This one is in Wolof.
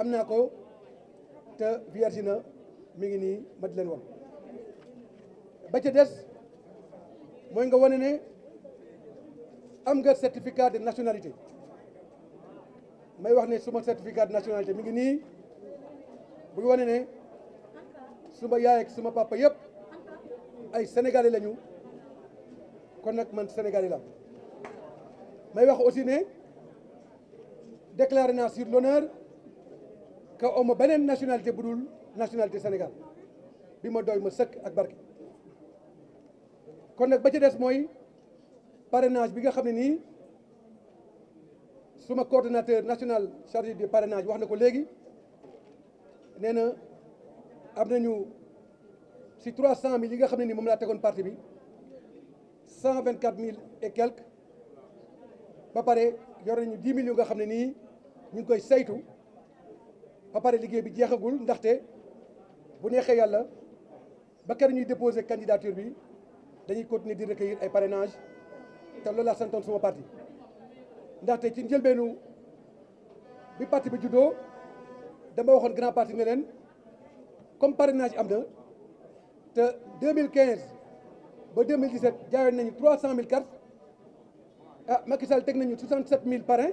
am naa ko te vierge na mi ngi nii ma di leen wax ba ca des mooy nga wane ne am nga certificat de nationalité may wax ne suma certificat de nationalité mu ngi nii buy wane ne suma yaay ak suma papa yëpp ay sénégalais lañu kon nag man sénégalais la may wax aussi ne naa sur l'honneur que aw benen nationalité nationalité Sénégal bima doy ma seuk ak kon ba ci parrainage bi nga coordonnateur national chargé du parrainage et quelques ba paré yor millions nga ba pare bi ndaxte bu ñuy déposer candidature bi dañuy continuer di recueillir ay parrainage parti ndaxte ci parti grand parti comme parrainage am 2015 ba 2017 jaayoon nañu 300 cartes ah nañu 67